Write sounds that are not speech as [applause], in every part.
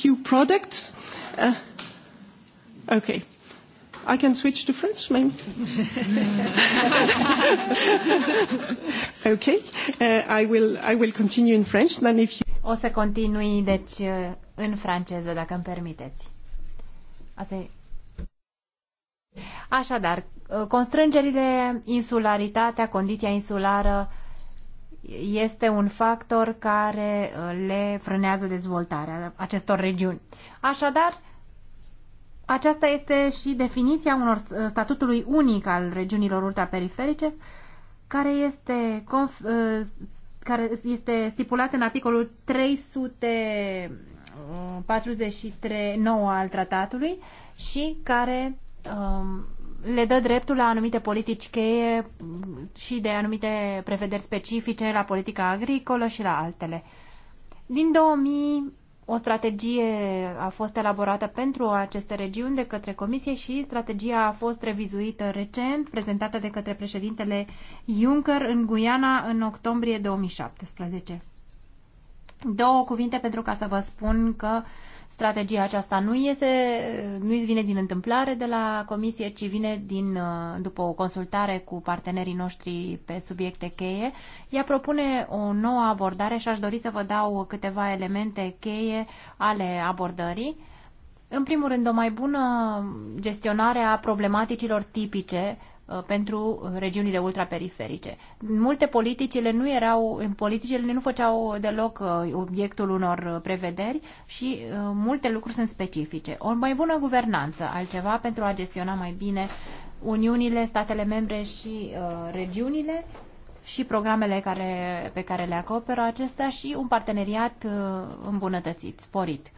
few products. Uh, okay. I can switch to French, maybe. [laughs] okay, uh, I will I will continue in French. Then if you... O să continui deci uh, în franceză, dacă îmi permiteți. Asta e. Așadar, uh, constrângerile, insularitatea, condiția insulară, este un factor care uh, le frânează dezvoltarea acestor regiuni. Așadar, aceasta este și definiția unor uh, statutului unic al regiunilor ultraperiferice, care este, uh, care este stipulat în articolul 343.9 al tratatului și care um, le dă dreptul la anumite politici cheie și de anumite prevederi specifice la politica agricolă și la altele. Din 2000, o strategie a fost elaborată pentru aceste regiuni de către Comisie și strategia a fost revizuită recent, prezentată de către președintele Juncker în Guiana în octombrie 2017. Două cuvinte pentru ca să vă spun că uh, strategia aceasta nu iese, nu vine din întâmplare de la comisie, ci vine din, uh, după o consultare cu partenerii noștri pe subiecte cheie. Ea propune o nouă abordare și aș dori să vă dau câteva elemente cheie ale abordării. În primul rând, o mai bună gestionare a problematicilor tipice Uh, pentru regiunile ultraperiferice. Multe politicile nu erau, politicile nu făceau deloc uh, obiectul unor prevederi și uh, multe lucruri sunt specifice. O mai bună guvernanță, altceva pentru a gestiona mai bine Uniunile, statele membre și regiunile și programele care, pe care le acoperă acestea și un parteneriat îmbunătățit, sporit.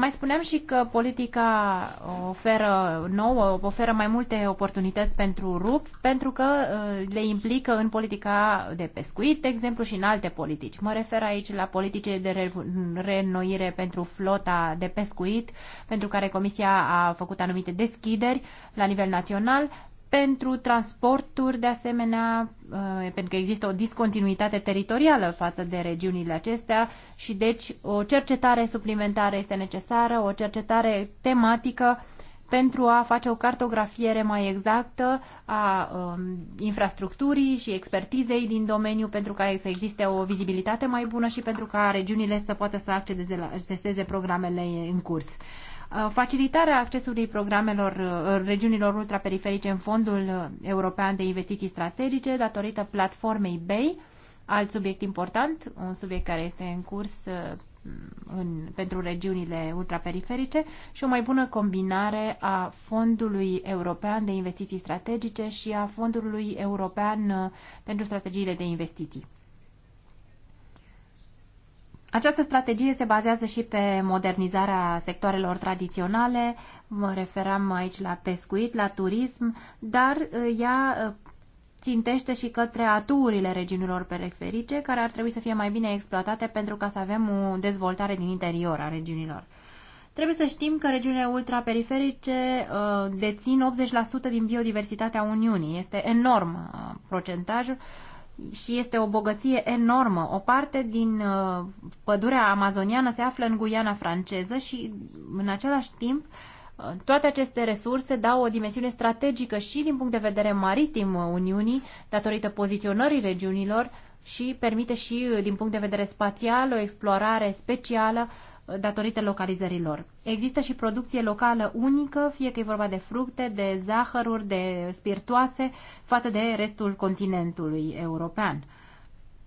Mai spuneam și că politica oferă nouă, oferă mai multe oportunități pentru rup, pentru că uh, le implică în politica de pescuit, de exemplu, și în alte politici. Mă refer aici la politice de reînnoire pentru flota de pescuit, pentru care Comisia a făcut anumite deschideri la nivel național, pentru transporturi, de asemenea, uh, pentru că există o discontinuitate teritorială față de regiunile acestea și deci o cercetare suplimentară este necesară, o cercetare tematică pentru a face o cartografiere mai exactă a um, infrastructurii și expertizei din domeniu pentru ca să existe o vizibilitate mai bună și pentru ca regiunile să poată să accedeze la, să programele în curs. Uh, facilitarea accesului programelor uh, regiunilor ultraperiferice în Fondul uh, European de Investiții Strategice datorită platformei BEI, alt subiect important, un subiect care este în curs în, pentru regiunile ultraperiferice și o mai bună combinare a Fondului European de Investiții Strategice și a Fondului European pentru Strategiile de Investiții. Această strategie se bazează și pe modernizarea sectoarelor tradiționale, mă referam aici la pescuit, la turism, dar uh, ea uh, țintește și către aturile regiunilor periferice, care ar trebui să fie mai bine exploatate pentru ca să avem o dezvoltare din interior a regiunilor. Trebuie să știm că regiunile ultraperiferice uh, dețin 80% din biodiversitatea Uniunii. Este enorm procentajul și este o bogăție enormă. O parte din uh, pădurea amazoniană se află în Guiana franceză și în același timp uh, toate aceste resurse dau o dimensiune strategică și din punct de vedere maritim uh, Uniunii, datorită poziționării regiunilor și permite și din punct de vedere spațial o explorare specială uh, datorită localizărilor. Există și producție locală unică, fie că e vorba de fructe, de zahăruri, de spiritoase, față de restul continentului european.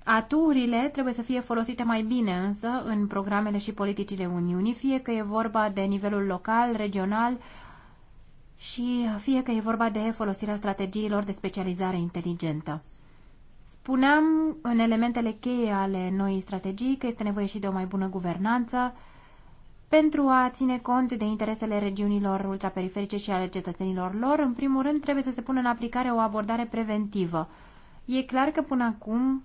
Aturile trebuie să fie folosite mai bine însă în programele și politicile Uniunii, fie că e vorba de nivelul local, regional și fie că e vorba de folosirea strategiilor de specializare inteligentă. Spuneam în elementele cheie ale noii strategii că este nevoie și de o mai bună guvernanță, pentru a ține cont de interesele regiunilor ultraperiferice și ale cetățenilor lor, în primul rând trebuie să se pună în aplicare o abordare preventivă. E clar că până acum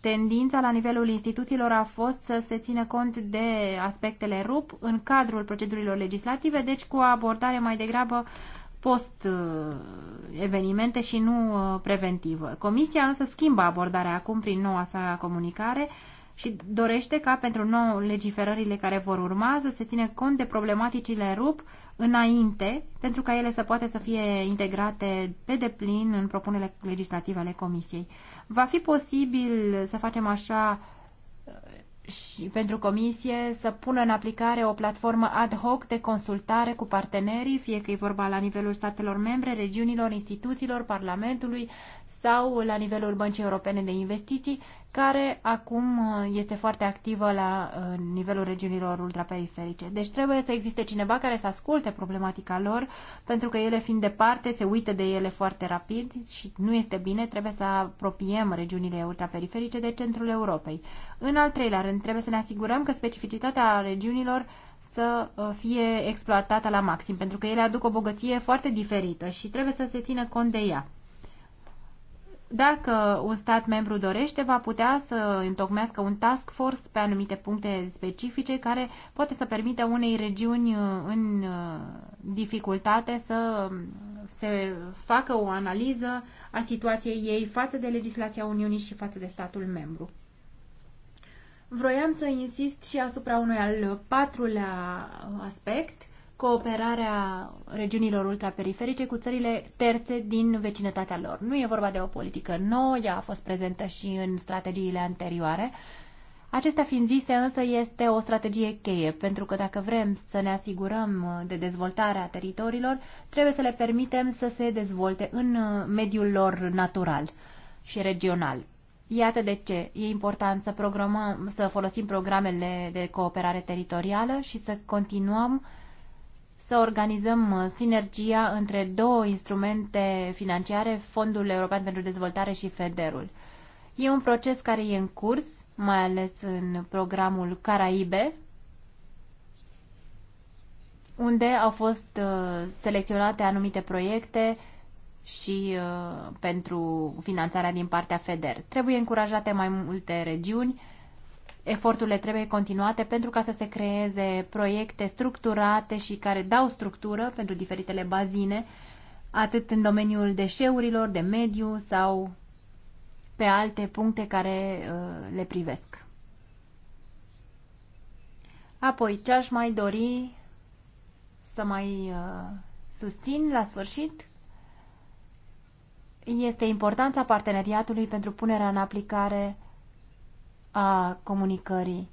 tendința la nivelul instituțiilor a fost să se țină cont de aspectele RUP în cadrul procedurilor legislative, deci cu o abordare mai degrabă post-evenimente uh, și nu uh, preventivă. Comisia însă schimbă abordarea acum prin noua sa comunicare, și dorește ca pentru nou legiferările care vor urma să se ține cont de problematicile RUP înainte, pentru ca ele să poată să fie integrate pe deplin în propunerile legislative ale Comisiei. Va fi posibil să facem așa uh, și pentru comisie să pună în aplicare o platformă ad hoc de consultare cu partenerii, fie că e vorba la nivelul statelor membre, regiunilor, instituțiilor, Parlamentului sau la nivelul Băncii Europene de Investiții, care acum uh, este foarte activă la uh, nivelul regiunilor ultraperiferice. Deci trebuie să existe cineva care să asculte problematica lor, pentru că ele fiind departe, se uită de ele foarte rapid și nu este bine, trebuie să apropiem regiunile ultraperiferice de centrul Europei. În al treilea rând, trebuie să ne asigurăm că specificitatea regiunilor să uh, fie exploatată la maxim, pentru că ele aduc o bogăție foarte diferită și trebuie să se țină cont de ea. Dacă un stat membru dorește, va putea să întocmească un task force pe anumite puncte specifice care poate să permită unei regiuni uh, în uh, dificultate să um, se facă o analiză a situației ei față de legislația Uniunii și față de statul membru. Vroiam să insist și asupra unui al patrulea uh, aspect – cooperarea regiunilor ultraperiferice cu țările terțe din vecinătatea lor. Nu e vorba de o politică nouă, ea a fost prezentă și în strategiile anterioare. Acestea fiind zise, însă, este o strategie cheie, pentru că dacă vrem să ne asigurăm de dezvoltarea teritoriilor, trebuie să le permitem să se dezvolte în mediul lor natural și regional. Iată de ce e important să, programăm, să folosim programele de cooperare teritorială și să continuăm uh, să organizăm uh, sinergia între două instrumente financiare, Fondul European pentru Dezvoltare și Federul. E un proces care e în curs, mai ales în programul Caraibe, unde au fost uh, selecționate anumite proiecte și uh, pentru finanțarea din partea FEDER. Trebuie încurajate mai multe regiuni eforturile trebuie continuate pentru ca să se creeze proiecte structurate și care dau structură pentru diferitele bazine, atât în domeniul deșeurilor, de mediu sau pe alte puncte care uh, le privesc. Apoi, ce aș mai dori să mai uh, susțin la sfârșit este importanța parteneriatului pentru punerea în aplicare a comunicării.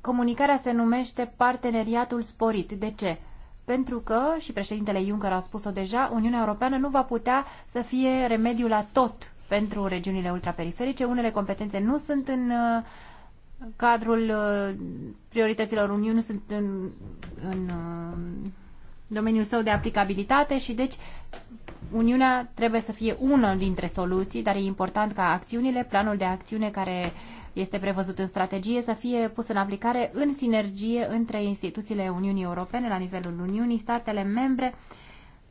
Comunicarea se numește parteneriatul sporit. De ce? Pentru că, și președintele Juncker a spus-o deja, Uniunea Europeană nu va putea să fie remediu la tot pentru regiunile ultraperiferice. Unele competențe nu sunt în uh, cadrul uh, priorităților Uniunii, nu sunt în, în uh, domeniul său de aplicabilitate și deci Uniunea trebuie să fie unul dintre soluții, dar e important ca acțiunile, planul de acțiune care este prevăzut în strategie să fie pus în aplicare în sinergie între instituțiile Uniunii Europene la nivelul Uniunii, statele membre,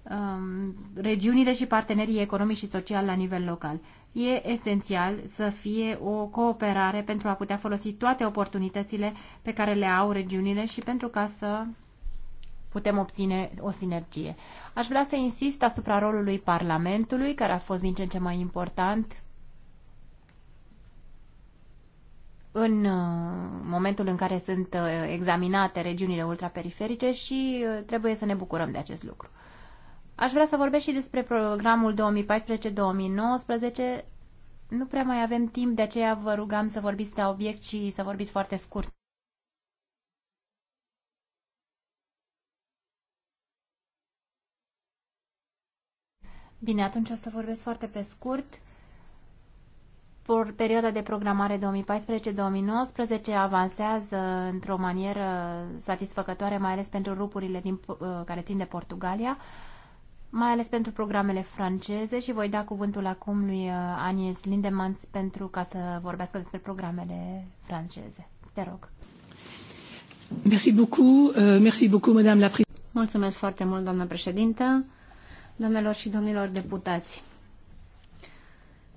um, regiunile și partenerii economici și sociali la nivel local. E esențial să fie o cooperare pentru a putea folosi toate oportunitățile pe care le au regiunile și pentru ca să putem obține o sinergie. Aș vrea să insist asupra rolului Parlamentului, care a fost din ce în ce mai important în uh, momentul în care sunt uh, examinate regiunile ultraperiferice și uh, trebuie să ne bucurăm de acest lucru. Aș vrea să vorbesc și despre programul 2014-2019. Nu prea mai avem timp, de aceea vă rugam să vorbiți de obiect și să vorbiți foarte scurt. Bine, atunci o să vorbesc foarte pe scurt. Por perioada de programare 2014-2019 avansează într-o manieră satisfăcătoare, mai ales pentru rupurile din, uh, care țin de Portugalia, mai ales pentru programele franceze și voi da cuvântul acum lui uh, Agnes Lindemans pentru ca să vorbească despre programele franceze. Te rog. Merci beaucoup, euh, merci beaucoup, Madame la Mulțumesc foarte mult, doamnă președintă. Domnilor și domnilor deputați.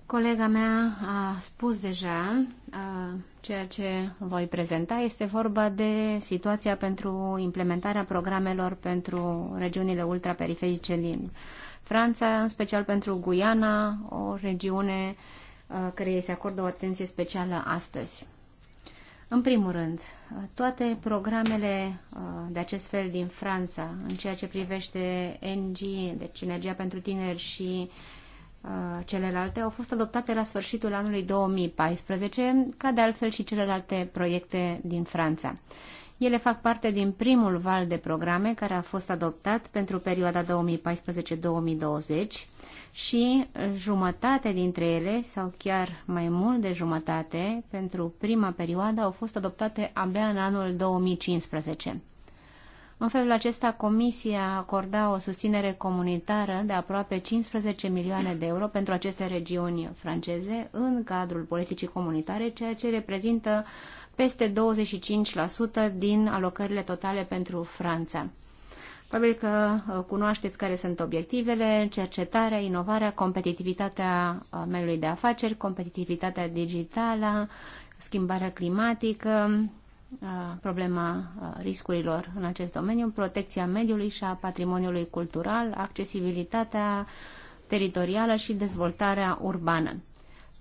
Colega mea a spus deja uh, ceea ce voi prezenta. Este vorba de situația pentru implementarea programelor pentru regiunile ultraperiferice din Franța, în special pentru Guiana, o regiune uh, care se acordă o atenție specială astăzi. În primul rând, toate programele uh, de acest fel din Franța, în ceea ce privește NG, deci Energia pentru Tineri și uh, celelalte, au fost adoptate la sfârșitul anului 2014, ca de altfel și celelalte proiecte din Franța. Ele fac parte din primul val de programe care a fost adoptat pentru perioada 2014-2020 și jumătate dintre ele, sau chiar mai mult de jumătate, pentru prima perioadă au fost adoptate abia în anul 2015. În felul acesta, Comisia acorda o susținere comunitară de aproape 15 milioane de euro pentru aceste regiuni franceze în cadrul politicii comunitare, ceea ce reprezintă peste 25% din alocările totale pentru Franța. Probabil că uh, cunoașteți care sunt obiectivele, cercetarea, inovarea, competitivitatea uh, mediului de afaceri, competitivitatea digitală, schimbarea climatică, uh, problema riscurilor în acest domeniu, protecția mediului și a patrimoniului cultural, accesibilitatea teritorială și dezvoltarea urbană.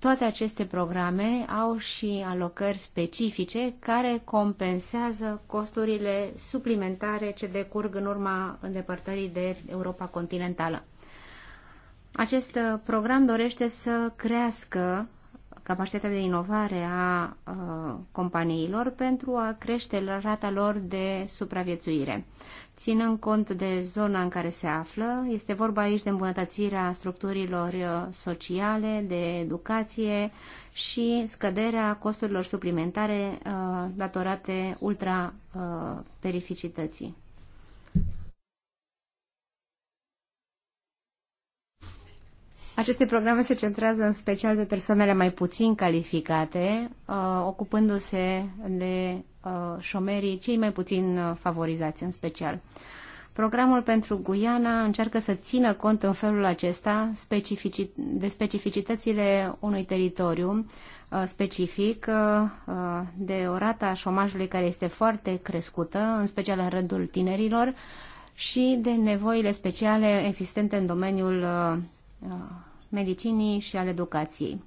Toate aceste programe au și alocări specifice care compensează costurile suplimentare ce decurg în urma îndepărtării de Europa continentală. Acest program dorește să crească capacitatea de inovare a companiilor pentru a crește rata lor de supraviețuire. Ținând cont de zona în care se află, este vorba aici de îmbunătățirea structurilor sociale, de educație și scăderea costurilor suplimentare datorate ultraperificității. Aceste programe se centrează în special pe persoanele mai puțin calificate, uh, ocupându-se de uh, șomerii cei mai puțin uh, favorizați în special. Programul pentru Guiana încearcă să țină cont în felul acesta specifici, de specificitățile unui teritoriu specific, de o rată a șomajului care este foarte crescută, în special în rândul tinerilor, și de nevoile speciale existente în domeniul medicinii și al educației.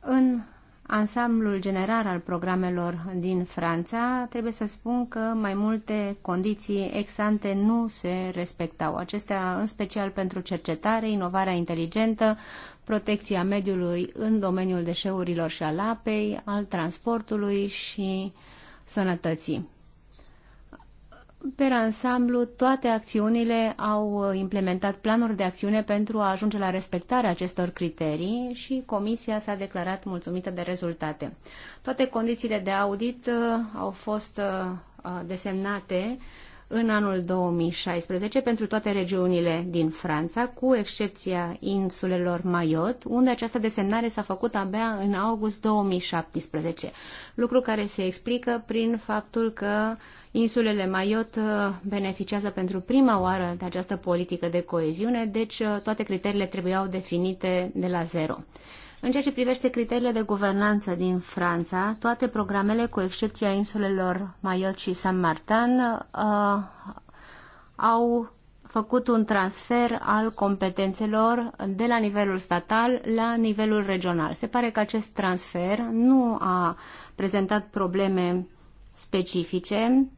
În ansamblul general al programelor din Franța, trebuie să spun că mai multe condiții exante nu se respectau. Acestea în special pentru cercetare, inovarea inteligentă, protecția mediului în domeniul deșeurilor și al apei, al transportului și sănătății pe ansamblu, toate acțiunile au implementat planuri de acțiune pentru a ajunge la respectarea acestor criterii și Comisia s-a declarat mulțumită de rezultate. Toate condițiile de audit uh, au fost uh, uh, desemnate în anul 2016 pentru toate regiunile din Franța, cu excepția insulelor Mayotte, unde această desemnare s-a făcut abia în august 2017, lucru care se explică prin faptul că uh, Insulele Maiot uh, beneficiază pentru prima oară de această politică de coeziune, deci uh, toate criteriile trebuiau definite de la zero. În ceea ce privește criteriile de guvernanță din Franța, toate programele, cu excepția insulelor Maiot și San Martin, uh, au făcut un transfer al competențelor de la nivelul statal la nivelul regional. Se pare că acest transfer nu a prezentat probleme specifice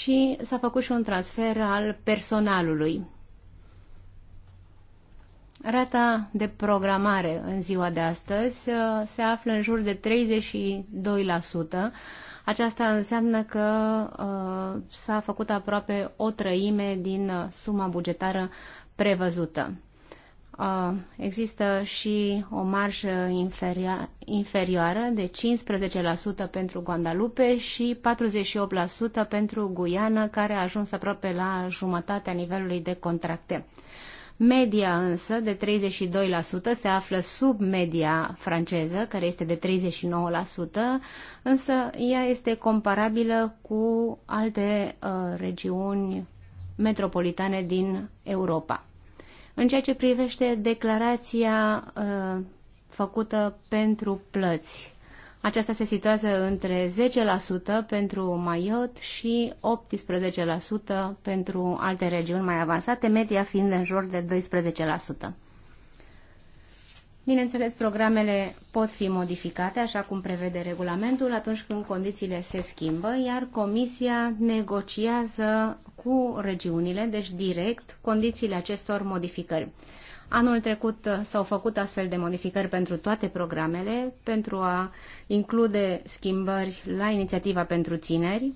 și s-a făcut și un transfer al personalului. Rata de programare în ziua de astăzi uh, se află în jur de 32%. Aceasta înseamnă că uh, s-a făcut aproape o trăime din uh, suma bugetară prevăzută există și o marjă inferioară de 15% pentru Guadalupe și 48% pentru Guiana, care a ajuns aproape la jumătatea nivelului de contracte. Media însă de 32% se află sub media franceză, care este de 39%, însă ea este comparabilă cu alte uh, regiuni metropolitane din Europa. În ceea ce privește declarația uh, făcută pentru plăți, aceasta se situează între 10% pentru Maiot și 18% pentru alte regiuni mai avansate, media fiind în jur de 12%. Bineînțeles, programele pot fi modificate, așa cum prevede regulamentul, atunci când condițiile se schimbă, iar Comisia negociază cu regiunile, deci direct, condițiile acestor modificări. Anul trecut s-au făcut astfel de modificări pentru toate programele, pentru a include schimbări la inițiativa pentru tineri.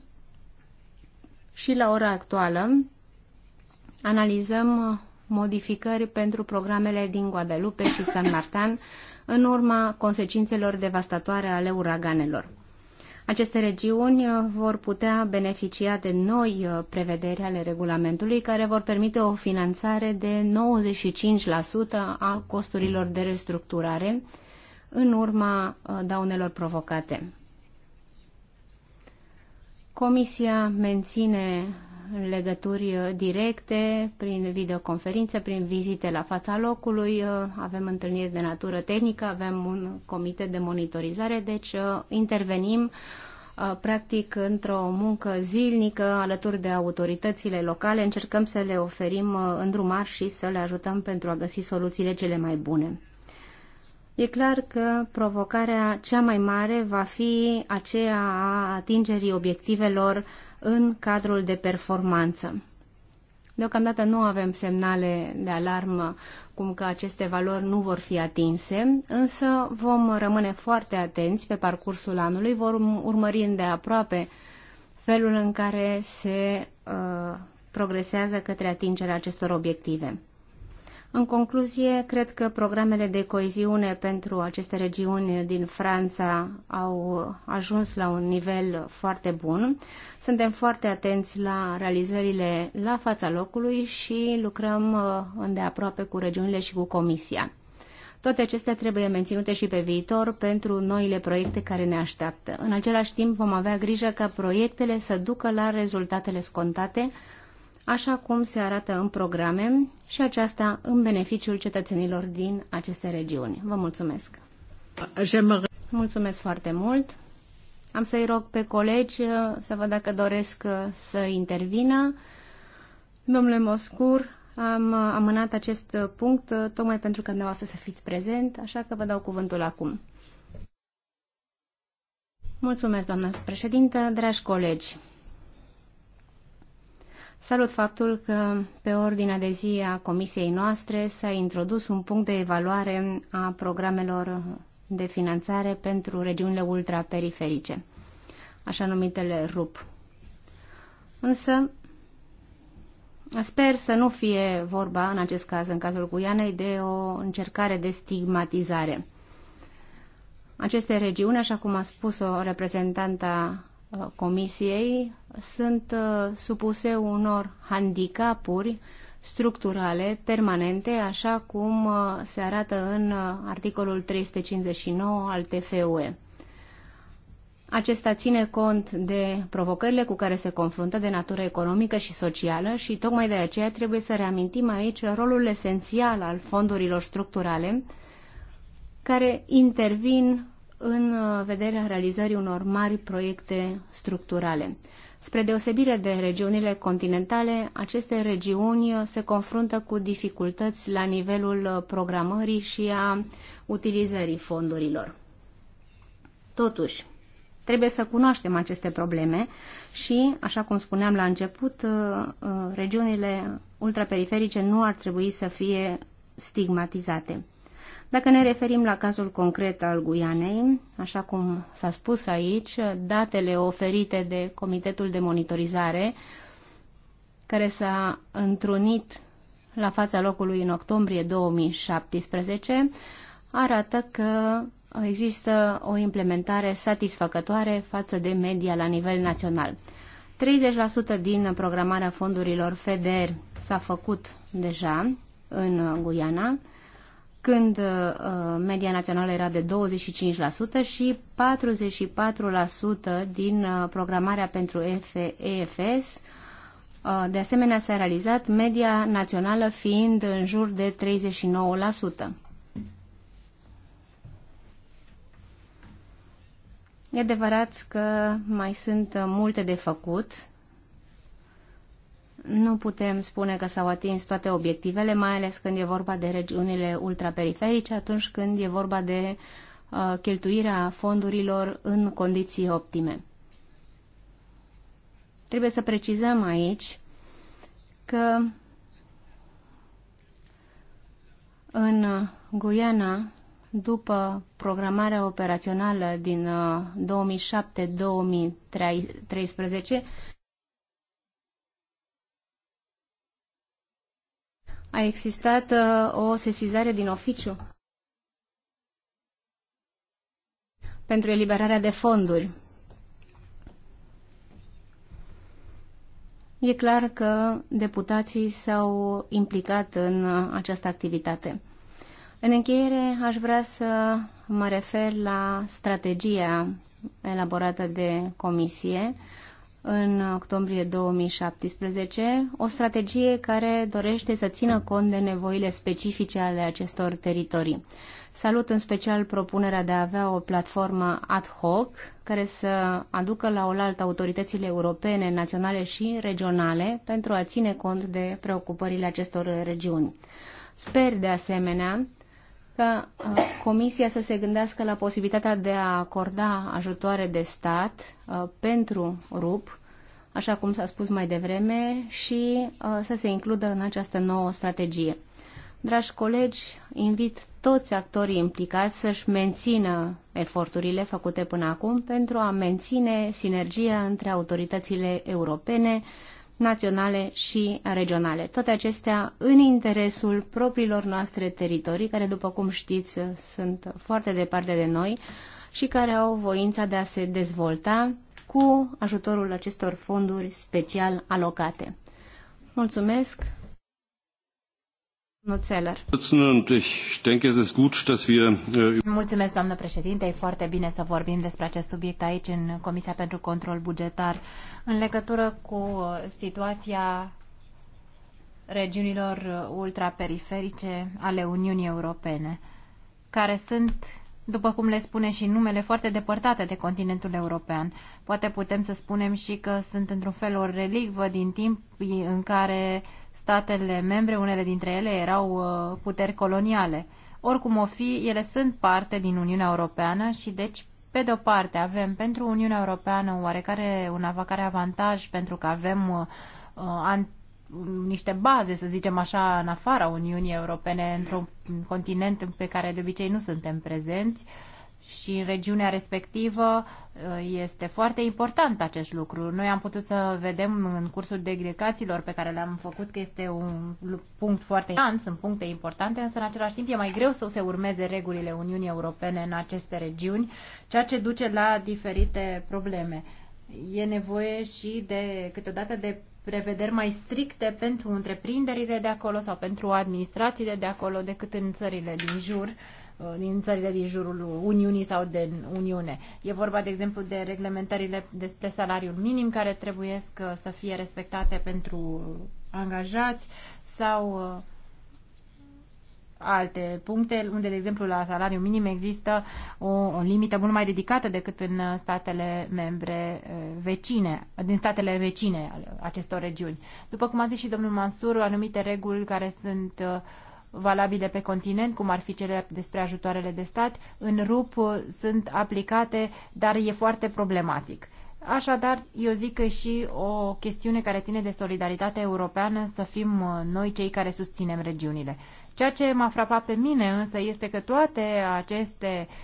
și la ora actuală analizăm modificări pentru programele din Guadalupe și San Martin în urma consecințelor devastatoare ale uraganelor. Aceste regiuni uh, vor putea beneficia de noi uh, prevederi ale regulamentului care vor permite o finanțare de 95% a costurilor de restructurare în urma uh, daunelor provocate. Comisia menține legături uh, directe prin videoconferințe, prin vizite la fața locului, uh, avem întâlniri de natură tehnică, avem un comitet de monitorizare, deci uh, intervenim practic într-o muncă zilnică alături de autoritățile locale, încercăm să le oferim îndrumar și să le ajutăm pentru a găsi soluțiile cele mai bune. E clar că provocarea cea mai mare va fi aceea a atingerii obiectivelor în cadrul de performanță. Deocamdată nu avem semnale de alarmă cum că aceste valori nu vor fi atinse, însă vom rămâne foarte atenți pe parcursul anului, vom urmări îndeaproape felul în care se uh, progresează către atingerea acestor obiective. În concluzie, cred că programele de coeziune pentru aceste regiuni din Franța au ajuns la un nivel foarte bun. Suntem foarte atenți la realizările la fața locului și lucrăm uh, îndeaproape cu regiunile și cu Comisia. Toate acestea trebuie menținute și pe viitor pentru noile proiecte care ne așteaptă. În același timp vom avea grijă ca proiectele să ducă la rezultatele scontate, așa cum se arată în programe și aceasta în beneficiul cetățenilor din aceste regiuni. Vă mulțumesc! Mulțumesc foarte mult! Am să-i rog pe colegi uh, să văd dacă doresc uh, să intervină. Domnule Moscur, am uh, amânat acest punct tocmai pentru că dumneavoastră să fiți prezent, așa că vă dau cuvântul acum. Mulțumesc, doamnă președintă, dragi colegi. Salut faptul că pe ordinea de zi a comisiei noastre s-a introdus un punct de evaluare a programelor de finanțare pentru regiunile ultraperiferice, așa numitele RUP. Însă, sper să nu fie vorba, în acest caz, în cazul Guianei, de o încercare de stigmatizare. Aceste regiuni, așa cum a spus o reprezentanta Uh, comisiei sunt uh, supuse unor handicapuri structurale permanente, așa cum uh, se arată în articolul 359 al TFUE. Acesta ține cont de provocările cu care se confruntă de natură economică și socială și tocmai de aceea trebuie să reamintim aici rolul esențial al fondurilor structurale care intervin în vederea realizării unor mari proiecte structurale. Spre deosebire de regiunile continentale, aceste regiuni se confruntă cu dificultăți la nivelul programării și a utilizării fondurilor. Totuși, trebuie să cunoaștem aceste probleme și, așa cum spuneam la început, uh, uh, regiunile ultraperiferice nu ar trebui să fie stigmatizate. Dacă ne referim la cazul concret al Guianei, așa cum s-a spus aici, datele oferite de Comitetul de Monitorizare, care s-a întrunit la fața locului în octombrie 2017, arată că există o implementare satisfăcătoare față de media la nivel național. 30% din programarea fondurilor FEDER s-a făcut deja în Guiana, când uh, media națională era de 25% și 44% din uh, programarea pentru EFS. Uh, de asemenea, s-a realizat media națională fiind în jur de 39%. E adevărat că mai sunt multe de făcut nu putem spune că s-au atins toate obiectivele, mai ales când e vorba de regiunile ultraperiferice, atunci când e vorba de uh, cheltuirea fondurilor în condiții optime. Trebuie să precizăm aici că în Guiana, după programarea operațională din 2007-2013, uh, A existat uh, o sesizare din oficiu pentru eliberarea de fonduri. E clar că deputații s-au implicat în uh, această activitate. În încheiere, aș vrea să mă refer la strategia elaborată de comisie în octombrie 2017, o strategie care dorește să țină cont de nevoile specifice ale acestor teritorii. Salut în special propunerea de a avea o platformă ad hoc care să aducă la oaltă autoritățile europene, naționale și regionale pentru a ține cont de preocupările acestor regiuni. Sper de asemenea ca Comisia să se gândească la posibilitatea de a acorda ajutoare de stat pentru RUP, așa cum s-a spus mai devreme, și să se includă în această nouă strategie. Dragi colegi, invit toți actorii implicați să-și mențină eforturile făcute până acum pentru a menține sinergia între autoritățile europene, naționale și regionale. Toate acestea în interesul propriilor noastre teritorii, care, după cum știți, sunt foarte departe de noi și care au voința de a se dezvolta cu ajutorul acestor fonduri special alocate. Mulțumesc! Mulțumesc, doamnă președinte. E foarte bine să vorbim despre acest subiect aici, în Comisia pentru Control Bugetar, în legătură cu situația regiunilor ultraperiferice ale Uniunii Europene, care sunt, după cum le spune și numele, foarte depărtate de continentul european. Poate putem să spunem și că sunt într-un fel o relicvă din timp în care statele membre, unele dintre ele erau uh, puteri coloniale. Oricum o fi, ele sunt parte din Uniunea Europeană și deci, pe de-o parte, avem pentru Uniunea Europeană oarecare, un avacare avantaj pentru că avem uh, uh an, niște baze, să zicem așa, în afara Uniunii Europene, într-un continent pe care de obicei nu suntem prezenți. Uh, și în regiunea respectivă uh, este foarte important acest lucru. Noi am putut să vedem în cursul degrecațiilor pe care le-am făcut că este un punct foarte important, sunt puncte importante, însă în același timp e mai greu să se urmeze regulile Uniunii Europene în aceste regiuni, ceea ce duce la diferite probleme. E nevoie și de câteodată de prevederi mai stricte pentru întreprinderile de acolo sau pentru administrațiile de acolo decât în țările din jur Uh, din țările din jurul Uniunii sau de Uniune. E vorba, de exemplu, de reglementările despre salariul minim care trebuie uh, să fie respectate pentru angajați sau uh, alte puncte unde, de exemplu, la salariu minim există o, o limită mult mai ridicată decât în statele membre vecine, din statele vecine acestor regiuni. După cum a zis și domnul Mansur, anumite reguli care sunt uh, valabile pe continent, cum ar fi cele despre ajutoarele de stat, în RUP uh, sunt aplicate, dar e foarte problematic. Așadar, eu zic că și o chestiune care ține de solidaritatea europeană să fim uh, noi cei care susținem regiunile. Ceea ce m-a frapat pe mine însă este că toate aceste uh,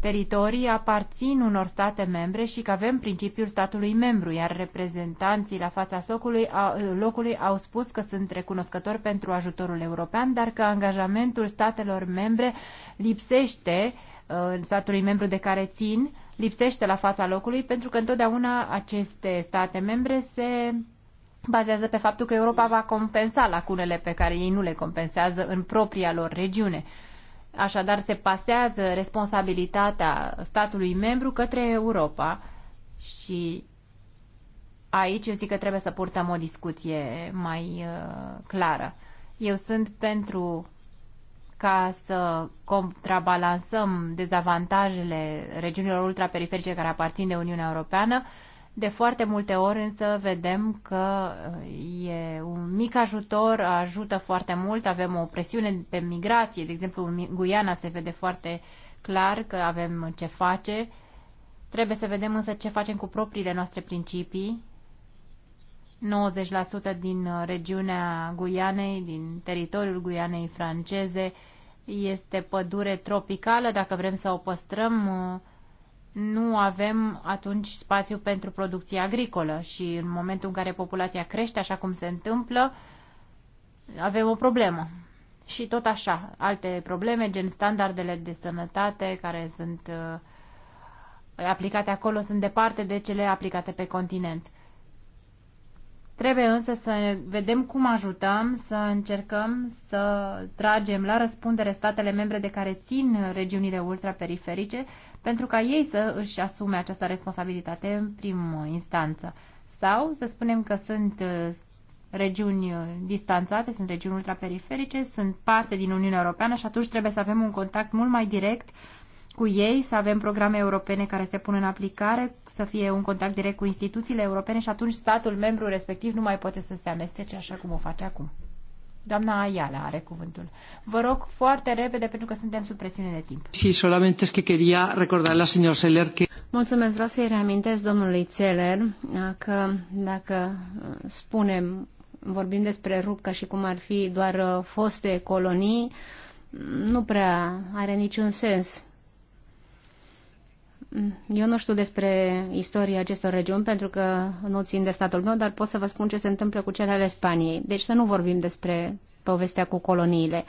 teritorii aparțin unor state membre și că avem principiul statului membru, iar reprezentanții la fața socului, a, locului au spus că sunt recunoscători pentru ajutorul european, dar că angajamentul statelor membre lipsește uh, statului membru de care țin, lipsește la fața locului, pentru că întotdeauna aceste state membre se bazează pe faptul că Europa va compensa lacunele pe care ei nu le compensează în propria lor regiune. Așadar, se pasează responsabilitatea statului membru către Europa și aici eu zic că trebuie să purtăm o discuție mai uh, clară. Eu sunt pentru ca să contrabalansăm dezavantajele regiunilor ultraperiferice care aparțin de Uniunea Europeană, de foarte multe ori însă vedem că uh, e un mic ajutor, ajută foarte mult, avem o presiune pe migrație, de exemplu în Guiana se vede foarte clar că avem ce face, trebuie să vedem însă ce facem cu propriile noastre principii. 90% din uh, regiunea Guianei, din teritoriul Guianei franceze, este pădure tropicală, dacă vrem să o păstrăm, uh, nu avem atunci spațiu pentru producție agricolă și în momentul în care populația crește, așa cum se întâmplă, avem o problemă. Și tot așa, alte probleme, gen standardele de sănătate care sunt uh, aplicate acolo, sunt departe de cele aplicate pe continent. Trebuie însă să vedem cum ajutăm, să încercăm să tragem la răspundere statele membre de care țin regiunile ultraperiferice pentru ca ei să își asume această responsabilitate în primă instanță. Sau să spunem că sunt uh, regiuni uh, distanțate, sunt regiuni ultraperiferice, sunt parte din Uniunea Europeană și atunci trebuie să avem un contact mult mai direct cu ei, să avem programe europene care se pun în aplicare, să fie un contact direct cu instituțiile europene și atunci statul membru respectiv nu mai poate să se amestece așa cum o face acum. Doamna Ayala are cuvântul. Vă rog foarte repede pentru că suntem sub presiune de timp. Sí, solamente es que quería recordar la señor Seller que... Mulțumesc, vreau să-i reamintesc domnului Zeller că dacă spunem, vorbim despre RUP ca și cum ar fi doar foste colonii, nu prea are niciun sens Mm, eu nu știu despre istoria acestor regiuni pentru că nu țin de statul meu, dar pot să vă spun ce se întâmplă cu cele ale Spaniei. Deci să nu vorbim despre povestea cu coloniile.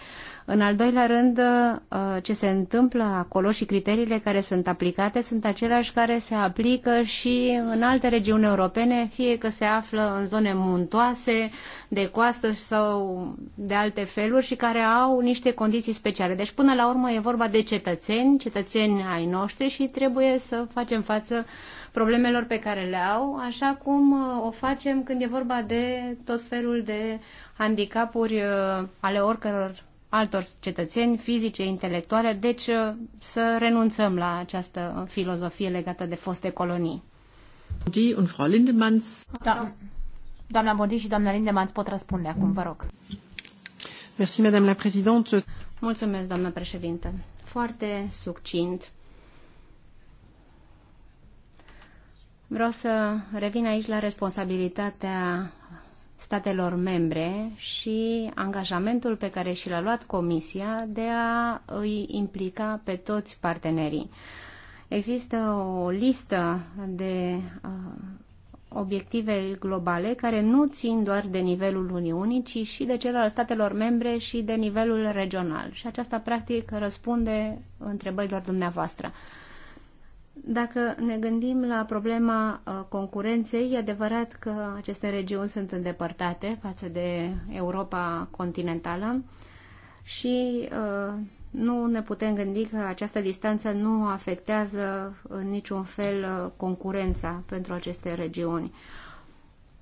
În al doilea rând, uh, ce se întâmplă acolo și criteriile care sunt aplicate sunt aceleași care se aplică și în alte regiuni europene, fie că se află în zone muntoase, de coastă sau de alte feluri și care au niște condiții speciale. Deci, până la urmă, e vorba de cetățeni, cetățeni ai noștri și trebuie să facem față uh, problemelor pe care le au, așa cum uh, o facem când e vorba de tot felul de handicapuri uh, ale oricăror altor cetățeni fizice, intelectuale, deci uh, să renunțăm la această filozofie legată de foste colonii. Da. Doamna Bondi și doamna Lindemans pot răspunde acum, vă rog. Mulțumesc, doamna președinte. Foarte succint. Vreau să revin aici la responsabilitatea statelor membre și angajamentul pe care și l-a luat Comisia de a îi implica pe toți partenerii. Există o listă de uh, obiective globale care nu țin doar de nivelul Uniunii, ci și de cel al statelor membre și de nivelul regional. Și aceasta, practic, răspunde întrebărilor dumneavoastră. Uh, dacă ne gândim la problema uh, concurenței, e adevărat că aceste regiuni sunt îndepărtate față de Europa continentală și uh, nu ne putem gândi că această distanță nu afectează în niciun fel uh, concurența pentru aceste regiuni.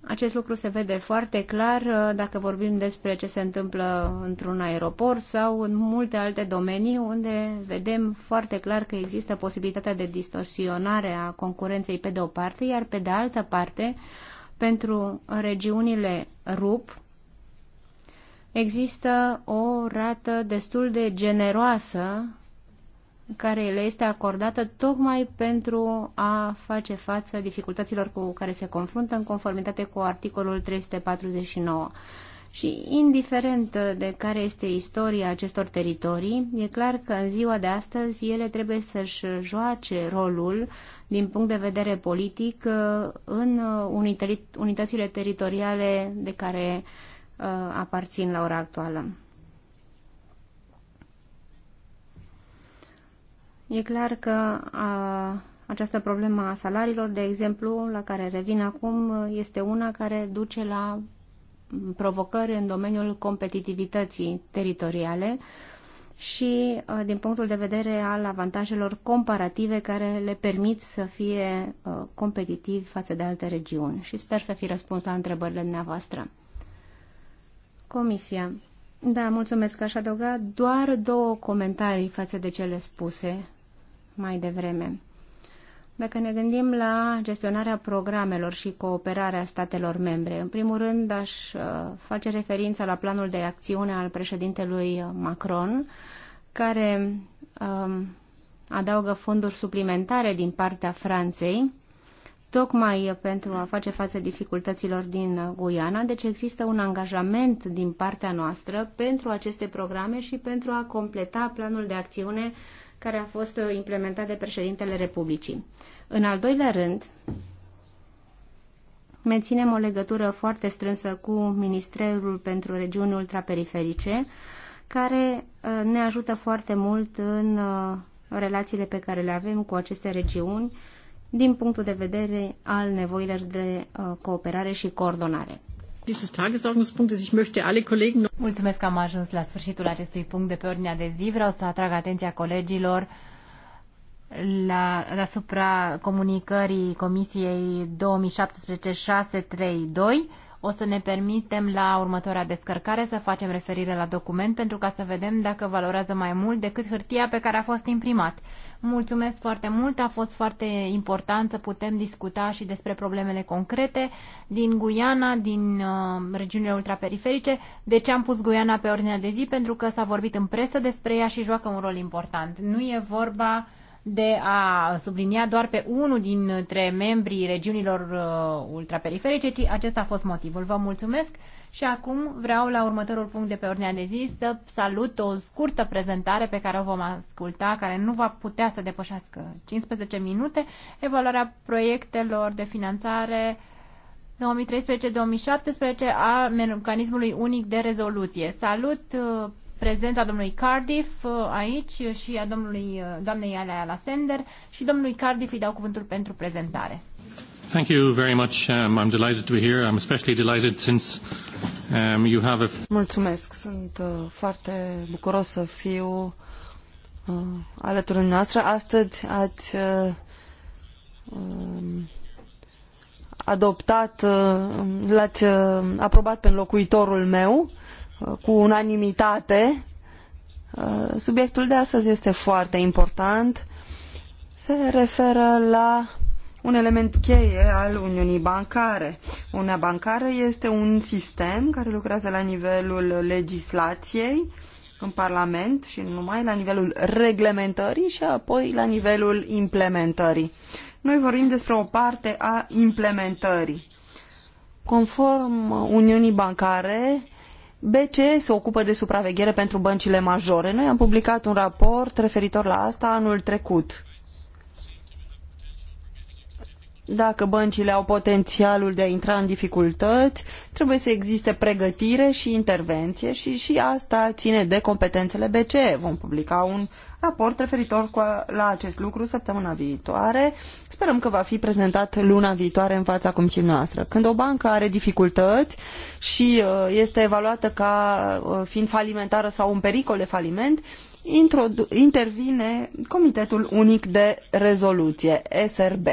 Acest lucru se vede foarte clar uh, dacă vorbim despre ce se întâmplă într-un aeroport sau în multe alte domenii unde vedem foarte clar că există posibilitatea de distorsionare a concurenței pe de o parte, iar pe de altă parte, pentru regiunile RUP, există o rată destul de generoasă care le este acordată tocmai pentru a face față dificultăților cu care se confruntă în conformitate cu articolul 349. Și indiferent de care este istoria acestor teritorii, e clar că în ziua de astăzi ele trebuie să-și joace rolul din punct de vedere politic uh, în uh, unitățile teritoriale de care uh, aparțin la ora actuală. E clar că a, această problemă a salariilor, de exemplu, la care revin acum, este una care duce la provocări în domeniul competitivității teritoriale și din punctul de vedere al avantajelor comparative care le permit să fie competitiv față de alte regiuni. Și sper să fi răspuns la întrebările dumneavoastră. Comisia. Da, mulțumesc. Aș adăuga doar două comentarii față de cele spuse mai devreme. Dacă ne gândim la gestionarea programelor și cooperarea statelor membre, în primul rând aș uh, face referința la planul de acțiune al președintelui Macron, care um, adaugă fonduri suplimentare din partea Franței, tocmai pentru a face față dificultăților din Guiana. Deci există un angajament din partea noastră pentru aceste programe și pentru a completa planul de acțiune uh, care a fost uh, implementat de președintele Republicii. În al doilea rând, menținem o legătură foarte strânsă cu Ministerul pentru regiuni ultraperiferice, care uh, ne ajută foarte mult în uh, relațiile pe care le avem cu aceste regiuni din punctul de vedere al nevoilor de cooperare și coordonare dieses Tagesordnungspunktes. Ich möchte alle Kollegen... Mulțumesc că am ajuns la sfârșitul acestui punct de pe ordinea de zi. Vreau să atrag atenția colegilor la, asupra comunicării Comisiei 2017-632 o să ne permitem la următoarea descărcare să facem referire la document pentru ca să vedem dacă valorează mai mult decât hârtia pe care a fost imprimat. Mulțumesc foarte mult, a fost foarte important să putem discuta și despre problemele concrete din Guiana, din uh, regiunile ultraperiferice. De ce am pus Guiana pe ordinea de zi? Pentru că s-a vorbit în presă despre ea și joacă un rol important. Nu e vorba de a sublinia doar pe unul dintre membrii regiunilor uh, ultraperiferice, ci acesta a fost motivul. Vă mulțumesc! Și acum vreau la următorul punct de pe ordinea de zi să salut o scurtă prezentare pe care o vom asculta, care nu va putea să depășească 15 minute, evaluarea proiectelor de finanțare 2013-2017 a mecanismului unic de rezoluție. Salut uh, prezența domnului Cardiff uh, aici și a domnului, uh, doamnei Alea la Sender și domnului Cardiff îi dau cuvântul pentru prezentare. Thank you very much. Um, I'm delighted to be here. I'm especially delighted since Um, you have a... Mulțumesc, sunt uh, foarte bucuros să fiu uh, alături noastră. Astăzi ați uh, um, adoptat, uh, l-ați uh, aprobat pe locuitorul meu uh, cu unanimitate. Subiectul de astăzi este foarte important. Se referă la un element cheie al Uniunii Bancare. Uniunea Bancară este un sistem care lucrează la nivelul legislației în Parlament și numai la nivelul reglementării și apoi la nivelul implementării. Noi vorbim despre o parte a implementării. Conform Uniunii Bancare, BCE se ocupă de supraveghere pentru băncile majore. Noi am publicat un raport referitor la asta anul trecut. Dacă băncile au potențialul de a intra în dificultăți, trebuie să existe pregătire și intervenție și și asta ține de competențele BCE. Vom publica un raport referitor cu, la acest lucru săptămâna viitoare. Sperăm că va fi prezentat luna viitoare în fața comisiei noastre. Când o bancă are dificultăți și uh, este evaluată ca uh, fiind falimentară sau un pericol de faliment, intervine Comitetul Unic de Rezoluție, SRB.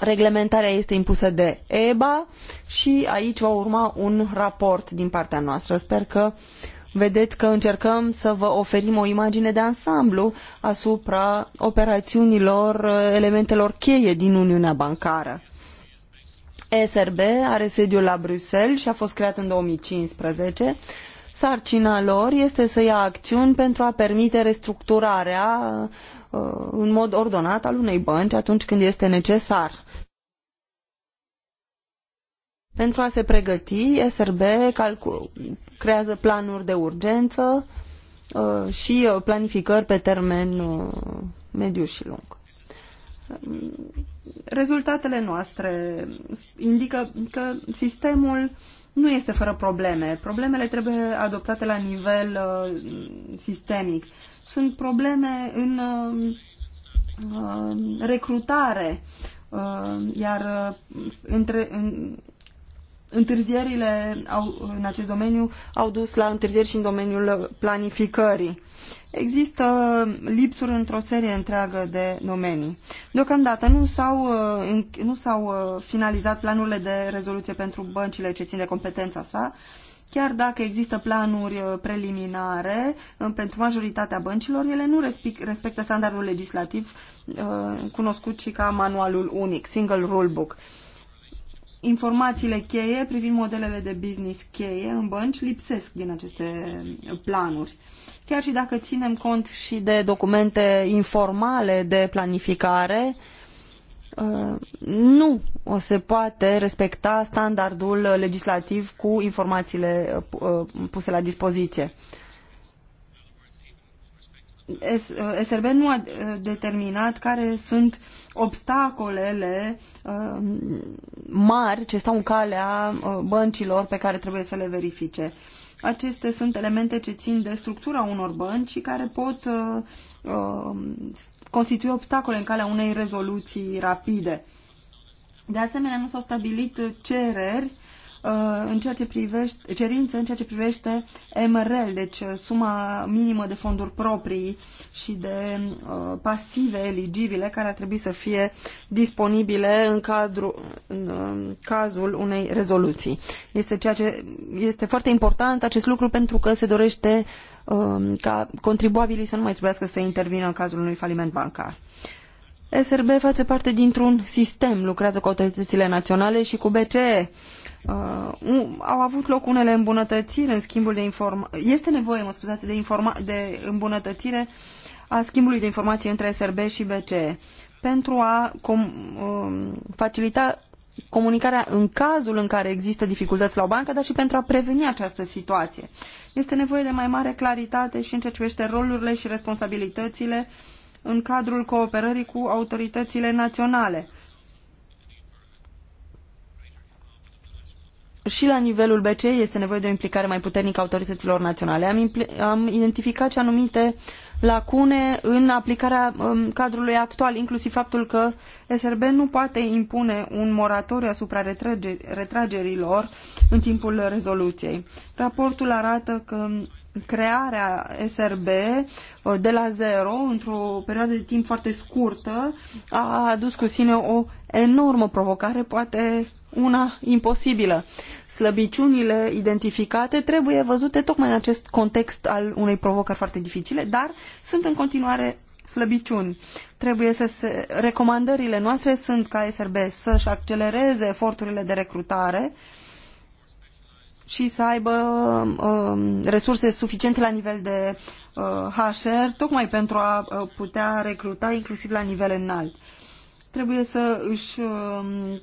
Reglementarea este impusă de EBA și aici va urma un raport din partea noastră. Sper că vedeți că încercăm să vă oferim o imagine de ansamblu asupra operațiunilor, elementelor cheie din Uniunea Bancară. SRB are sediul la Bruxelles și a fost creat în 2015. Sarcina lor este să ia acțiuni pentru a permite restructurarea uh, în mod ordonat al unei bănci atunci când este necesar. Pentru a se pregăti, SRB creează planuri de urgență uh, și uh, planificări pe termen uh, mediu și lung. Rezultatele noastre indică că sistemul nu este fără probleme. Problemele trebuie adoptate la nivel uh, sistemic. Sunt probleme în uh, uh, recrutare, iar între, în, întârzierile au, în acest domeniu au dus la întârzieri și în domeniul planificării. Există lipsuri într-o serie întreagă de domenii. Deocamdată nu s-au, uh, nu s-au uh, finalizat planurile de rezoluție pentru băncile ce țin de competența sa, chiar dacă există planuri uh, preliminare, pentru majoritatea băncilor, ele nu respectă standardul legislativ cunoscut și ca manualul unic, Single Rule Book informațiile cheie privind modelele de business cheie în bănci lipsesc din aceste planuri. Chiar și dacă ținem cont și de documente informale de planificare, uh, nu o se poate respecta standardul legislativ cu informațiile uh, puse la dispoziție. SRB uh, nu a uh, determinat care sunt obstacolele uh, mari ce stau în calea băncilor pe care trebuie să le verifice. Aceste sunt elemente ce țin de structura unor bănci și care pot constitui obstacole în calea unei rezoluții rapide. De asemenea, nu s-au stabilit cereri Uh, în ceea ce privește, cerință în ceea ce privește MRL, deci uh, suma minimă de fonduri proprii și de uh, pasive eligibile care ar trebui să fie disponibile în, cadru, în uh, cazul unei rezoluții. Este, ceea ce, este foarte important acest lucru pentru că se dorește uh, ca contribuabilii să nu mai trebuiască să intervină în cazul unui faliment bancar. SRB face parte dintr-un sistem, lucrează cu autoritățile naționale și cu BCE. Uh, au avut loc unele îmbunătățiri în schimbul de informații. Este nevoie, mă scuzați, de, informa- de îmbunătățire a schimbului de informații între SRB și BCE pentru a com- uh, facilita comunicarea în cazul în care există dificultăți la o bancă, dar și pentru a preveni această situație. Este nevoie de mai mare claritate și în ceea ce privește rolurile și responsabilitățile în cadrul cooperării cu autoritățile naționale. și la nivelul BCE este nevoie de o implicare mai puternică a autorităților naționale. Am, am identificat și anumite lacune în aplicarea um, cadrului actual, inclusiv faptul că SRB nu poate impune un moratoriu asupra retrageri, retragerilor în timpul rezoluției. Raportul arată că crearea SRB uh, de la zero, într-o perioadă de timp foarte scurtă, a adus cu sine o enormă provocare, poate una imposibilă. Slăbiciunile identificate trebuie văzute tocmai în acest context al unei provocări foarte dificile, dar sunt în continuare slăbiciuni. Trebuie să se... Recomandările noastre sunt ca SRB să-și accelereze eforturile de recrutare și să aibă um, resurse suficiente la nivel de uh, HR, tocmai pentru a uh, putea recruta inclusiv la nivel înalt. Uh, trebuie să își um,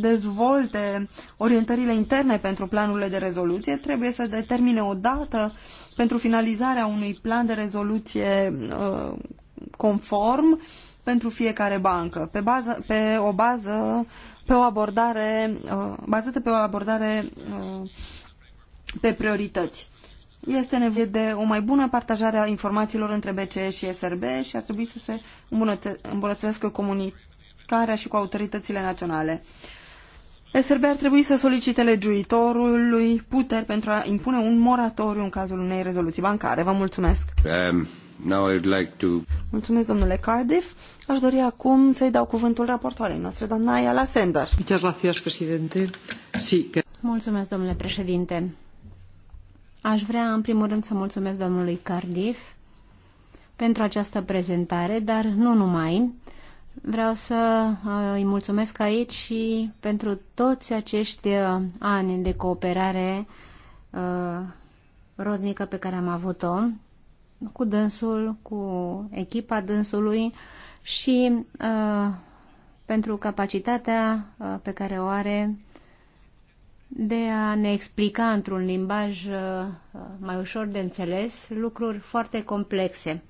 dezvolte orientările interne pentru planurile de rezoluție, trebuie să determine o dată pentru finalizarea unui plan de rezoluție uh, conform pentru fiecare bancă, pe, bază, pe o bază, pe o abordare, uh, bazată pe o abordare uh, pe priorități este nevoie de o mai bună partajare a informațiilor între BCE și SRB și ar trebui să se îmbunătățească comunicarea comunicarea și cu autoritățile naționale. SRB ar trebui să solicite legiuitorului puteri pentru a impune un moratoriu în cazul unei rezoluții bancare. Vă mulțumesc! Um, now I'd like to... Mulțumesc, domnule Cardiff. Aș dori acum să-i dau cuvântul raportoarei noastre, doamna Ayala Sender. Mulțumesc, domnule președinte. Aș vrea, în primul rând, să mulțumesc domnului Cardiff pentru această prezentare, dar nu numai, Vreau să uh, îi mulțumesc aici și pentru toți acești uh, ani de cooperare uh, rodnică pe care am avut-o cu dânsul, cu echipa dânsului și pentru capacitatea pe care o are de a ne explica într-un limbaj mai ușor de înțeles lucruri foarte complexe.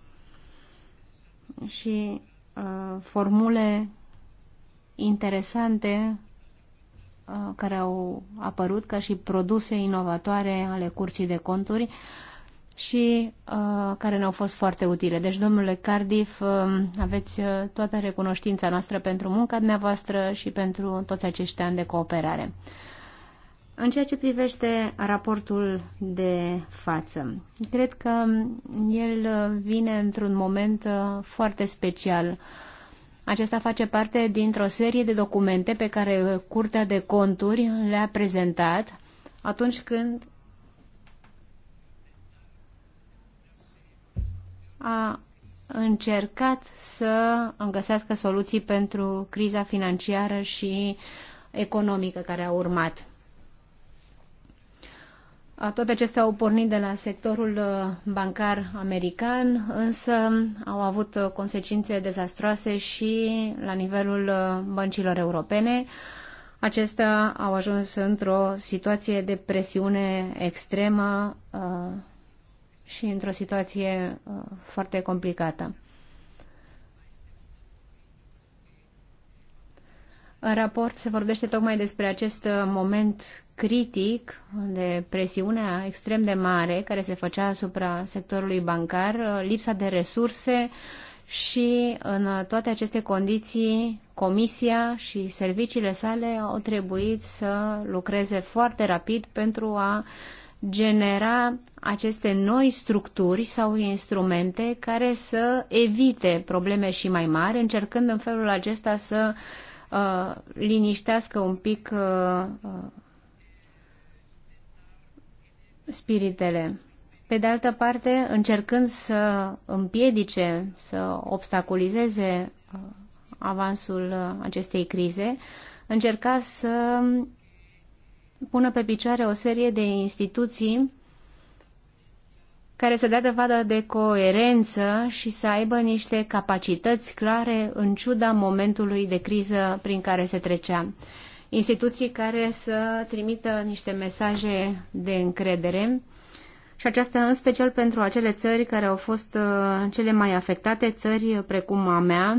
Și uh, formule interesante uh, care au apărut ca și produse inovatoare ale curții de conturi și uh, care ne-au fost foarte utile. Deci, domnule Cardiff, uh, aveți uh, toată recunoștința noastră pentru munca dumneavoastră și pentru toți acești ani de cooperare. În ceea ce privește raportul de față, cred că el vine într-un moment uh, foarte special. Acesta face parte dintr-o serie de documente pe care uh, Curtea de Conturi le-a prezentat atunci când a încercat să găsească soluții pentru criza financiară și economică care a urmat. Toate acestea au pornit de la sectorul uh, bancar american, însă au avut uh, consecințe dezastroase și la nivelul uh, băncilor europene. Acestea au ajuns într-o situație de presiune extremă și într-o situație foarte complicată. În raport se vorbește tocmai despre acest moment critic de presiunea extrem de mare care se făcea asupra sectorului bancar, lipsa de resurse și în toate aceste condiții comisia și serviciile sale au trebuit să lucreze foarte rapid pentru a genera aceste noi structuri sau instrumente care să evite probleme și mai mari, încercând în felul acesta să uh, liniștească un pic uh, uh spiritele. Pe de altă parte, încercând să împiedice, să obstaculizeze uh, avansul uh, acestei crize, încerca să pună pe picioare o serie de instituții care să dea dovadă de coerență și să aibă niște capacități clare în ciuda momentului de criză prin care se trecea instituții care să trimită niște mesaje de încredere și aceasta în special pentru acele țări care au fost uh, cele mai afectate, țări precum a mea,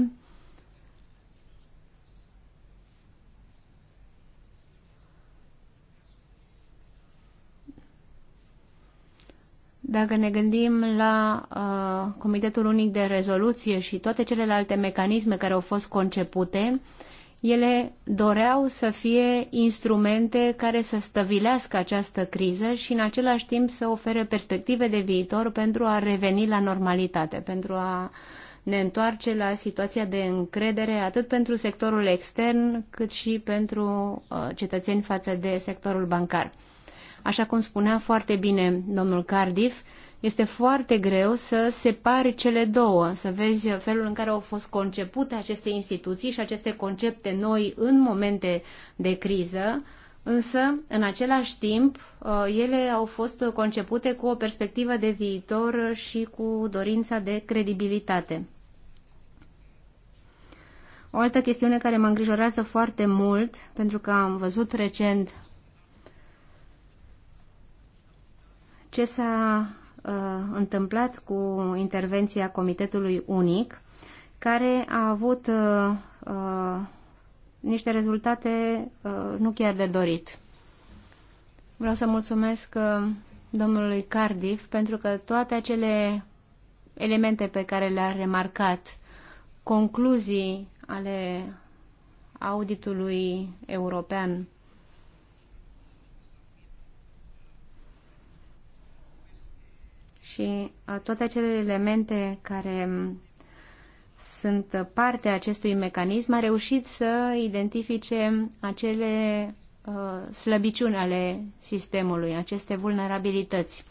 Dacă ne gândim la uh, Comitetul Unic de Rezoluție și toate celelalte mecanisme care au fost concepute, uh, ele doreau să fie instrumente care să stăvilească această criză și în același timp să ofere perspective de viitor pentru a reveni la normalitate, pentru a ne întoarce la situația de încredere atât pentru sectorul extern cât și pentru uh, cetățeni față de sectorul bancar. Așa cum spunea foarte bine domnul Cardiff, este foarte greu să separi cele două, să vezi felul în care au fost concepute aceste instituții și aceste concepte noi în momente de criză, însă, în același timp, uh, ele au fost concepute cu o perspectivă de viitor și cu dorința de credibilitate. O altă chestiune care mă îngrijorează foarte mult, pentru că am văzut recent ce s-a uh, întâmplat cu intervenția Comitetului Unic, care a avut uh, uh, niște rezultate uh, nu chiar de dorit. Vreau să mulțumesc uh, domnului Cardiff pentru că toate acele elemente pe care le-a remarcat, concluzii ale auditului european și toate acele elemente care sunt parte a acestui mecanism a reușit să identifice acele slăbiciuni ale sistemului, aceste vulnerabilități.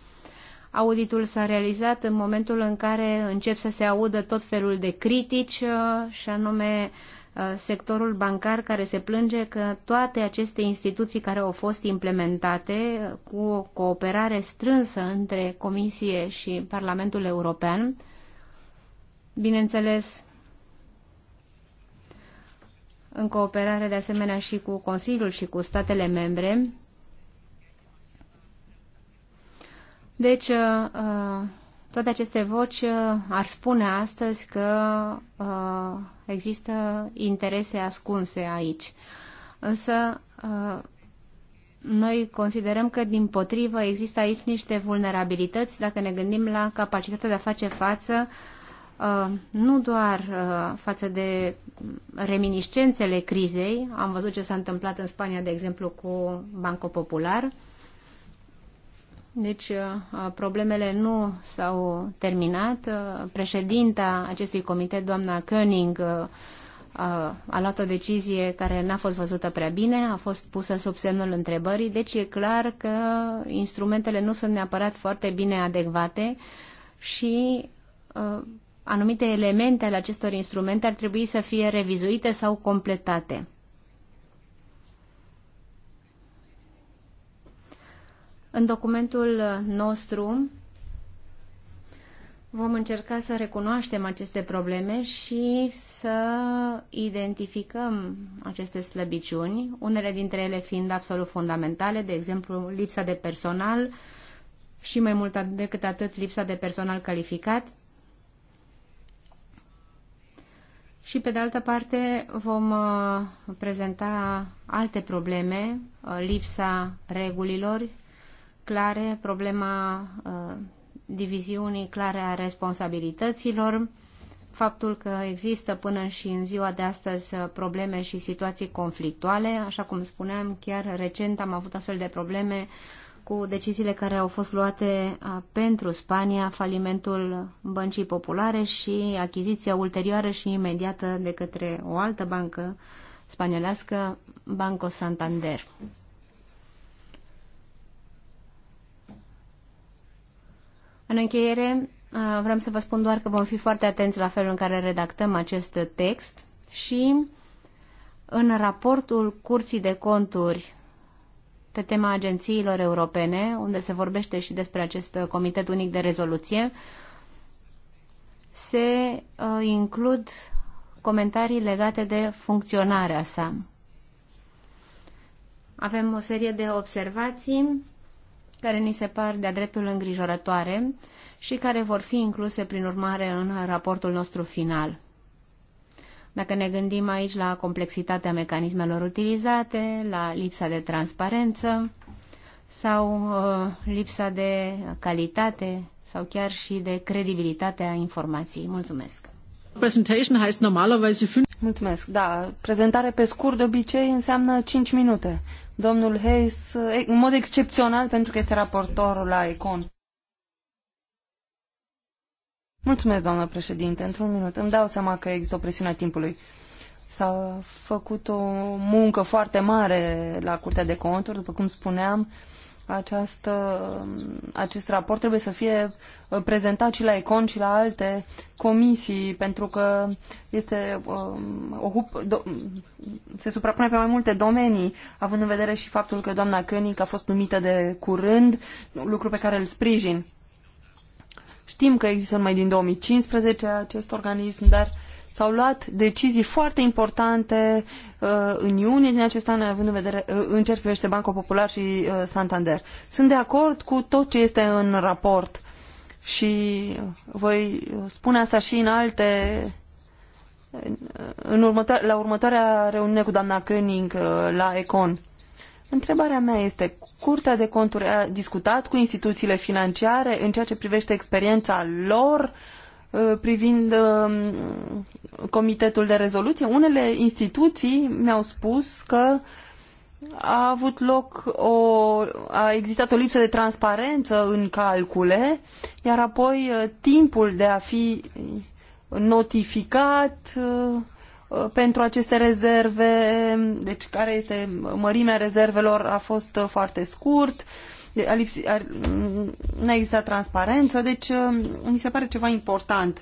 Auditul s-a realizat în momentul în care încep să se audă tot felul de critici și anume Uh, sectorul bancar care se plânge că toate aceste instituții care au fost implementate uh, cu o cooperare strânsă între Comisie și Parlamentul European, bineînțeles în cooperare de asemenea și cu Consiliul și cu statele membre. Deci, uh, toate aceste voci uh, ar spune astăzi că uh, există interese ascunse aici. Însă uh, noi considerăm că, din potrivă, există aici niște vulnerabilități dacă ne gândim la capacitatea de a face față uh, nu doar uh, față de reminiscențele crizei, am văzut ce s-a întâmplat în Spania, de exemplu, cu Banco Popular, uh, deci uh, problemele nu s-au terminat. Uh, președinta acestui comitet, doamna Koenig, uh, a luat o decizie care n-a fost văzută prea bine, a fost pusă sub semnul întrebării, deci e clar că instrumentele nu sunt neapărat foarte bine adecvate și anumite elemente ale acestor instrumente ar trebui să fie revizuite sau completate. În documentul nostru vom încerca să recunoaștem aceste probleme și să identificăm aceste slăbiciuni, unele dintre ele fiind absolut fundamentale, de exemplu lipsa de personal și mai mult decât atât lipsa de personal calificat. Și pe de altă parte vom uh, prezenta alte probleme, uh, lipsa regulilor clare, problema uh, diviziunii clare a responsabilităților, faptul că există până și în ziua de astăzi uh, probleme și situații conflictuale, așa cum spuneam, chiar recent am avut astfel de probleme cu deciziile care au fost luate uh, pentru Spania, falimentul băncii populare și achiziția ulterioară și imediată de către o altă bancă spaniolească, Banco Santander. În încheiere, uh, vreau să vă spun doar că vom fi foarte atenți la felul în care redactăm acest text și în raportul Curții de Conturi pe tema agențiilor europene, unde se vorbește și despre acest Comitet Unic de Rezoluție, se uh, includ comentarii legate de funcționarea sa. Avem o serie de observații care ni se par de-a dreptul îngrijorătoare și care vor fi incluse, prin urmare, în raportul nostru final. Dacă ne gândim aici la complexitatea mecanismelor utilizate, la lipsa de transparență sau uh, lipsa de calitate sau chiar și de credibilitatea informației. Mulțumesc! Presentation Mulțumesc, da. Prezentare pe scurt de obicei înseamnă 5 minute domnul Hayes în mod excepțional pentru că este raportor la Econ. Mulțumesc, doamnă președinte. Într-un minut. Îmi dau seama că există o presiune a timpului. S-a făcut o muncă foarte mare la Curtea de Conturi, după cum spuneam. Uh, această, acest raport trebuie să fie uh, prezentat și la ECON și la alte comisii, pentru că este, uh, do, se suprapune pe mai multe domenii, având în vedere și faptul că doamna König a fost numită de curând, lucru pe care îl sprijin. Știm că există numai din 2015 acest organism, dar S-au luat decizii foarte importante uh, în iunie din acest an, având în vedere uh, în ce privește Banco Popular și uh, Santander. Sunt de acord cu tot ce este în raport și voi uh, spune asta și în alte uh, în următo- la următoarea reuniune cu doamna uh, la Econ. Întrebarea mea este, Curtea de Conturi a discutat cu instituțiile financiare în ceea ce privește experiența lor Uh, privind um, comitetul de rezoluție, unele instituții mi-au spus că a avut loc o, a existat o lipsă de transparență în calcule, iar apoi uh, timpul de a fi notificat uh, pentru aceste rezerve, deci care este mărimea rezervelor a fost foarte scurt, a lipsi, a, n-a existat transparență, deci uh, mi se pare ceva important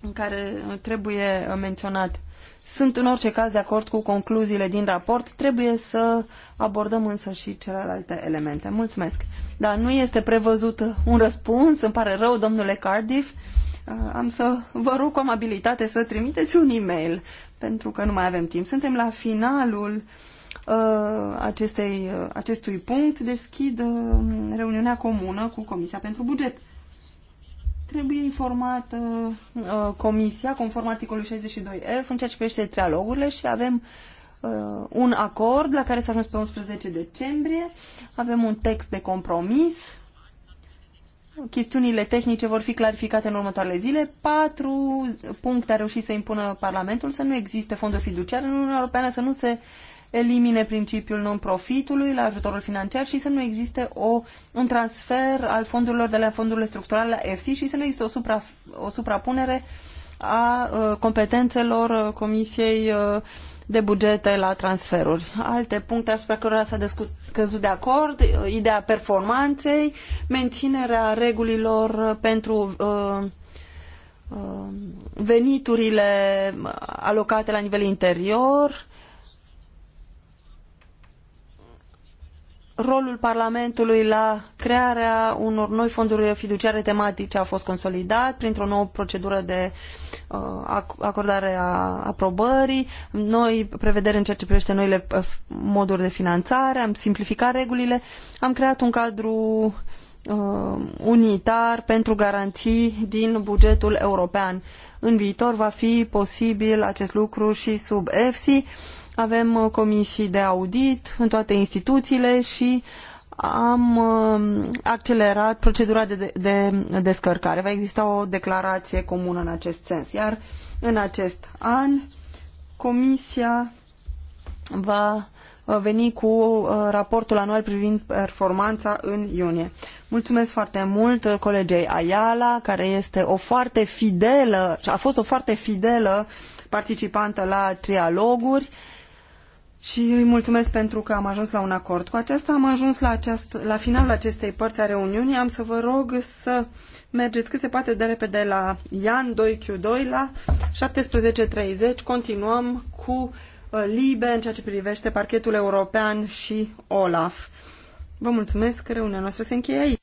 în care trebuie menționat. Sunt în orice caz de acord cu concluziile din raport, trebuie să abordăm însă și celelalte elemente. Mulțumesc. dar nu este prevăzut un răspuns, îmi pare rău, domnule Cardiff. Uh, am să vă rog cu amabilitate să trimiteți un e-mail, pentru că nu mai avem timp. Suntem la finalul uh, Uh, acestei, uh, acestui punct deschid uh, reuniunea comună cu Comisia pentru Buget. Trebuie informată Comisia, conform articolului 62F, în ceea ce privește trialogurile și avem un acord la care s-a ajuns pe 11 decembrie. Avem un text de compromis. Chestiunile tehnice vor fi clarificate în următoarele zile. Patru puncte a reușit să impună Parlamentul să nu existe fonduri fiduciare în Uniunea Europeană, să nu se uh, elimine principiul non-profitului la ajutorul financiar și să nu existe o, un transfer al fondurilor de la fondurile structurale la FC și să nu existe o, supra, o suprapunere a uh, competențelor uh, Comisiei uh, de bugete la transferuri. Alte puncte asupra cărora s-a căzut de acord, uh, ideea performanței, menținerea regulilor pentru uh, uh veniturile alocate la nivel interior, rolul Parlamentului la crearea unor noi fonduri fiduciare tematice a fost consolidat printr-o nouă procedură de uh, acordare a aprobării, noi prevederi în ceea ce privește noile uh, moduri de finanțare, am simplificat regulile, am creat un cadru uh, unitar pentru garanții din bugetul european. În viitor va fi posibil acest lucru și sub EFSI. Uh, avem uh, comisii de audit în toate instituțiile și am um, accelerat procedura de, de descărcare. Va exista o declarație comună în acest sens. Iar în acest an, Comisia va uh, veni cu uh, raportul anual privind performanța în iunie. Mulțumesc foarte mult colegei Ayala, care este o foarte fidelă, a fost o foarte fidelă participantă la trialoguri și îi mulțumesc pentru că am ajuns la un acord. Cu aceasta am ajuns la, aceast, la finalul acestei părți a reuniunii. Am să vă rog să mergeți cât se poate de repede la Ian 2Q2 la 17.30. Continuăm cu uh, LIBE în ceea ce privește parchetul european și OLAF. Vă mulțumesc, reuniunea noastră se încheie aici.